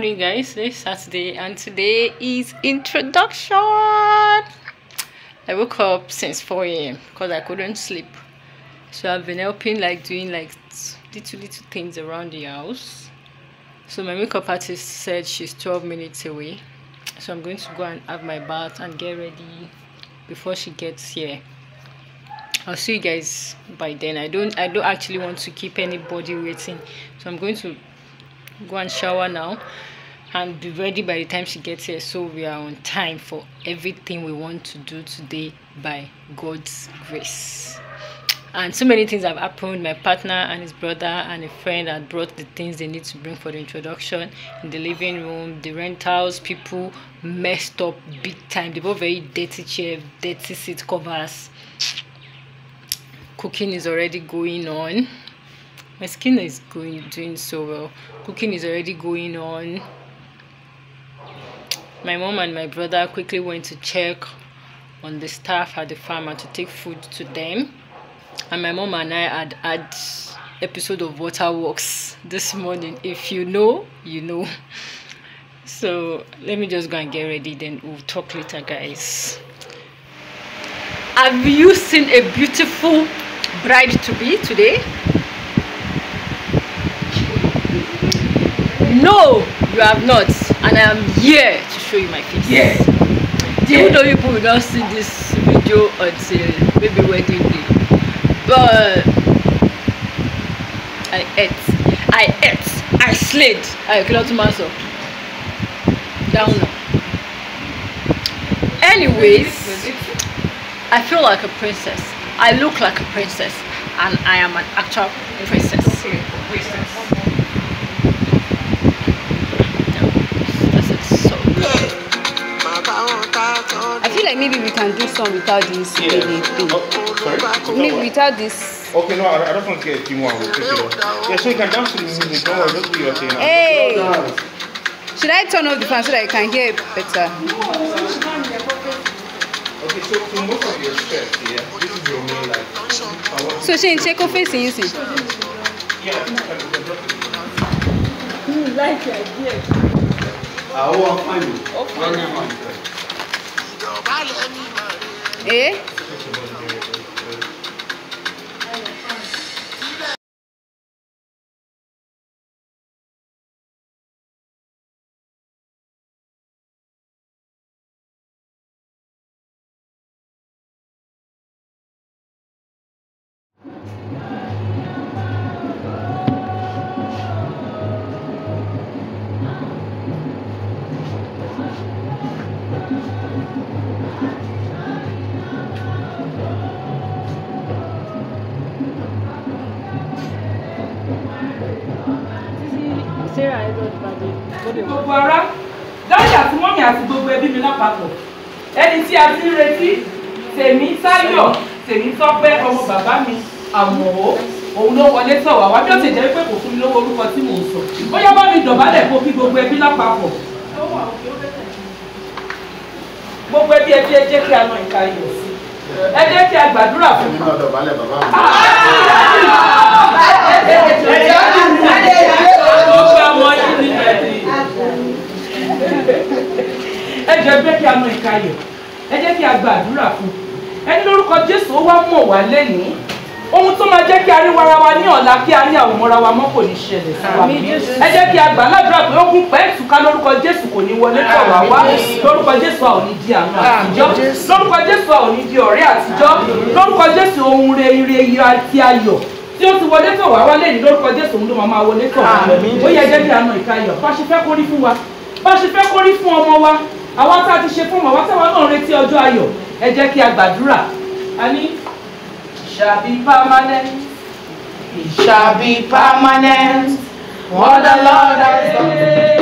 morning guys It's saturday and today is introduction i woke up since 4 a.m because i couldn't sleep so i've been helping like doing like little little things around the house so my makeup artist said she's 12 minutes away so i'm going to go and have my bath and get ready before she gets here i'll see you guys by then i don't i don't actually want to keep anybody waiting so i'm going to go and shower now and be ready by the time she gets here so we are on time for everything we want to do today by god's grace and so many things have happened my partner and his brother and a friend had brought the things they need to bring for the introduction in the living room the rentals people messed up big time they brought very dirty chair dirty seat covers cooking is already going on my skin is going doing so well cooking is already going on my mom and my brother quickly went to check on the staff at the farm and to take food to them and my mom and i had had episode of waterworks this morning if you know you know so let me just go and get ready then we'll talk later guys have you seen a beautiful bride to be today You have not. And I am here to show you my face. Yeah. Even though people will not see this video until maybe wedding day. But I ate. I ate. I slayed. I cannot master. Down now. Anyways, I feel like a princess. I look like a princess. And I am an actual princess. Okay. princess. maybe we can do some without this yeah. baby thing. Oh, sorry? Maybe without this. Okay, no, I, I don't want to get a few more. We'll take it off. Yeah, so you can dance to the music. Don't worry, just do your thing. Hey! Should I turn off the fan so that you can hear it better? Okay, so for most of your steps, yeah, this is your main life. So Shane, check your face in, see? Yeah, I think I can do it. You like the idea. I want to find you. Okay. ايه Sarah Edward Ìbàdàn lóde òkú. gbogbo ara dáyà àti mọ́mì àti gbogbo ẹbí mi lápapọ̀ ẹni tí a ti ń retí tèmi táyọ̀ tèmi tọ́pẹ́ ọmọ bàbá mi àmọ̀wó òun ló wọlé tọ̀ wá wájú ọ̀tẹ̀ jẹ́ pé kò fún mi lówó orúkọ tí mò ń sọ bóyá bá mi dọ̀bálẹ̀ kó kí gbogbo ẹbí lápapọ̀ gbogbo ẹbí ẹbí ẹ jẹ́ kí a nà ìka yọ̀ sí ẹ jẹ́ kí a gbàdúrà fún mi. ẹ fẹ́ kí a mọ ìka yẹ̀ ẹ jẹ́ kí a gba àdúrà fún ẹni lórúkọ jésù ó wá mọ̀ wá lẹ́nìí ohun tó máa jẹ́ kí a rí wara wa ní ọ̀la kí a rí àwòmọ́ra wa mọ́ kò ní ṣẹlẹ̀ sí wa ẹ jẹ́ kí a gbà ládùúrà pé ogun pẹ́ ìtúká lórúkọ jésù kò ní wọlé tọ̀ wá wá lórúkọ jésù a ò ní di àánú àtijọ́ lórúkọ jésù a ò ní di ọ̀rẹ́ àtijọ́ lórúkọ jésù ohun re ire ire àti ayọ̀ tí ó ti wọlé tọ̀ wá wálé ní lórúkọ jésù òun ló máa máa wọlé tọ̀ wá ó yẹ jẹ́ kí a nà ìka ayọ̀ bá ṣe fẹ́ kórí fún wa bá ṣe fẹ́ kórí fún ọmọ wa àwa tá a ti ṣe fún màwá táwa náà retí ọjọ́ ayọ̀ ẹ jẹ́ kí a gbàdúrà a ní. it shall be permanent. it shall be permanent. what the Lord has done.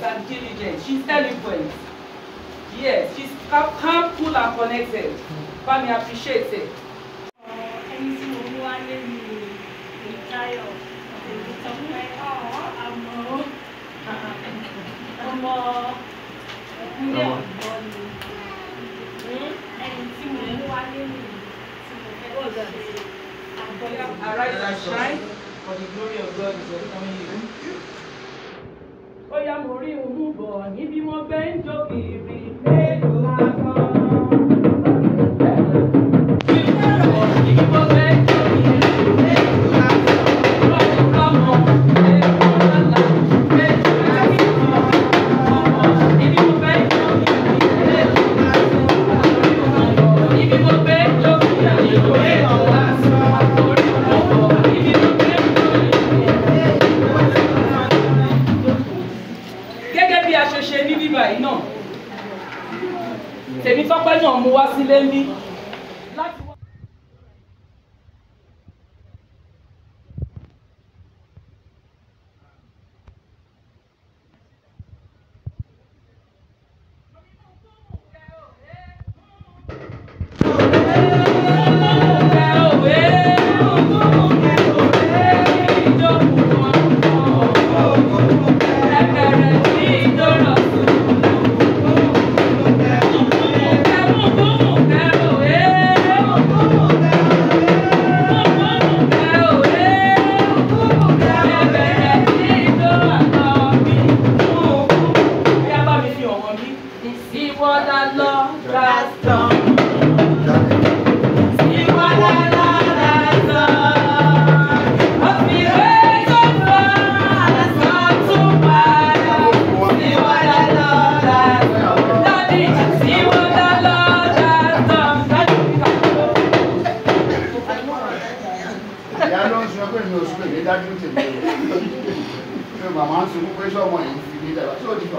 diligent and diligent she's eloquent yes she's calm, cool, and connected bami appreciate it. ẹni tí mo mú wá lé mi lè táyọ̀ èmi sọ pé ọ̀ àmọ́ ọmọ ìpínlẹ̀ ọ̀gbọ́n ni ẹni tí mo mú wá lé mi tí mo fẹ́ ṣe àgbọ̀yà. Arise and shine for the glory of God is upon you ó yá mo rí olúbọ̀ níbi mo gbé ń jó kiri.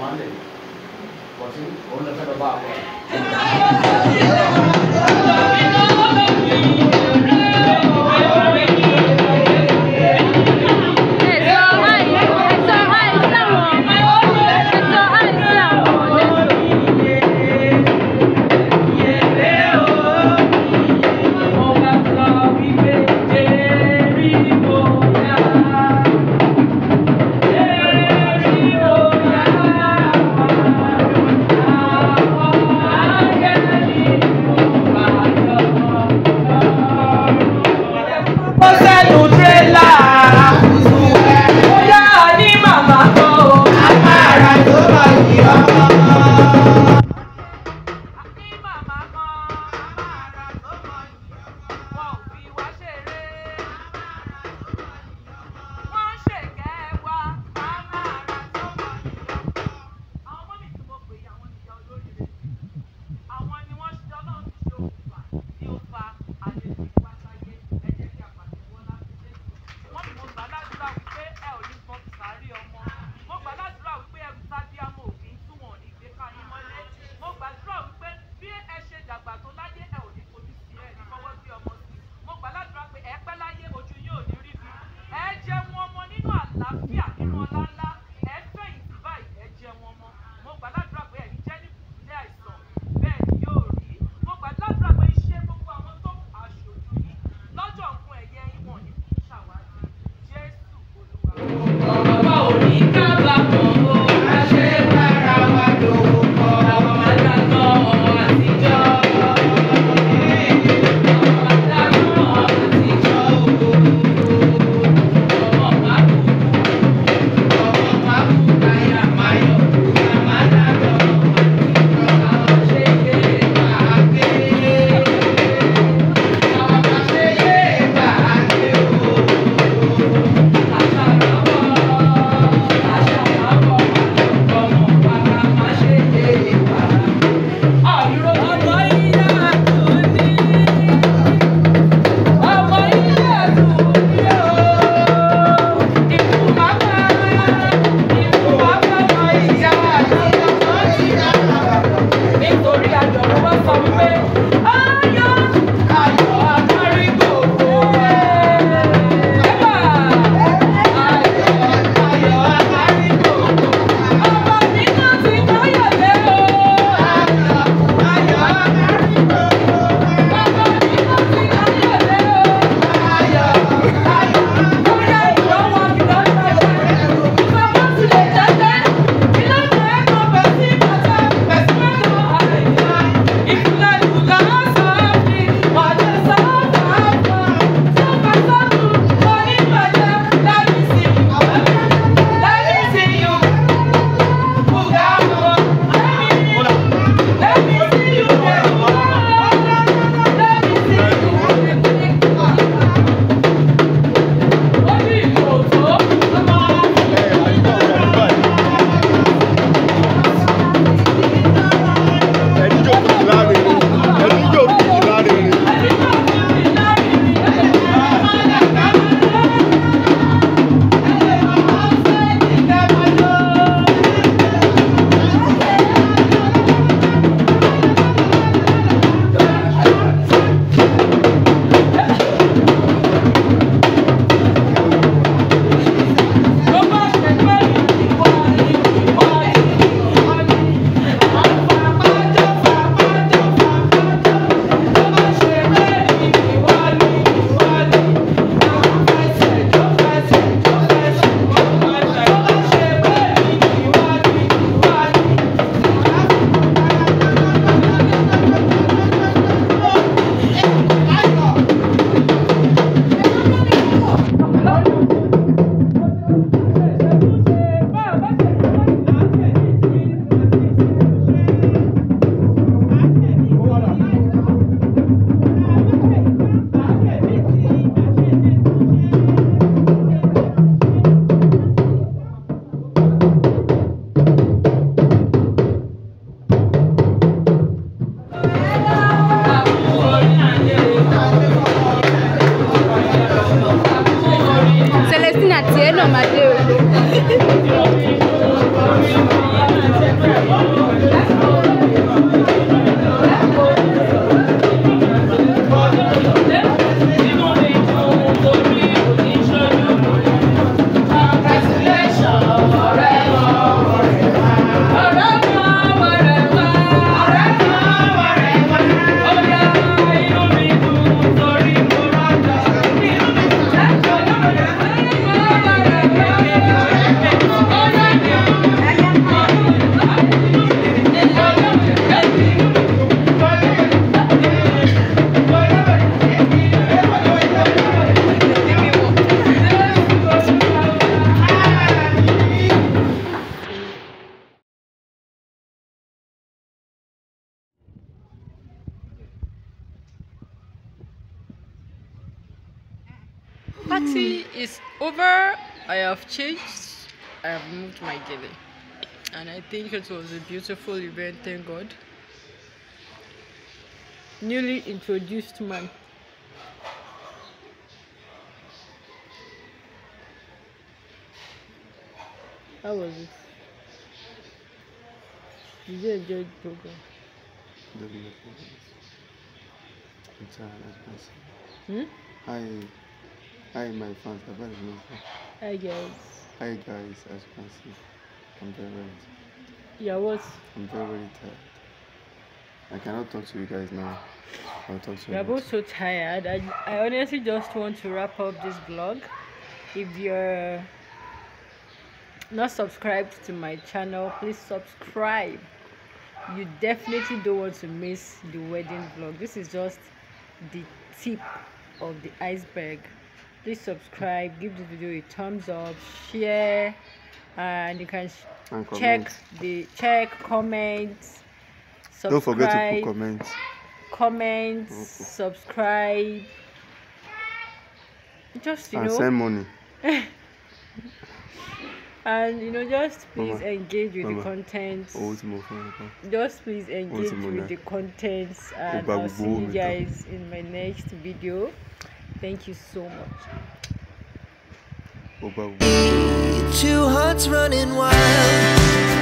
command it. What's it? Only the Baba. over i have changed i have moved my gilly and i think it was a beautiful event thank god newly introduced man how was it did you enjoy the program the program it's uh, nice. hmm? i Hi my fans, are you? Hi guys. Hi guys, as you can see, I'm very very tired. Yeah, what? I'm very very tired. I cannot talk to you guys now. I'll talk to you. We're both so tired. I, I honestly just want to wrap up this vlog. If you're not subscribed to my channel, please subscribe. You definitely don't want to miss the wedding vlog. This is just the tip of the iceberg please subscribe give this video a thumbs up share and you can and check the check comments subscribe, don't forget to put comments comments okay. subscribe just you and know send money and you know just please Mama. engage with Mama. the content just please engage with the contents and i'll see you guys in my next video Thank you so much. Two hearts running wild.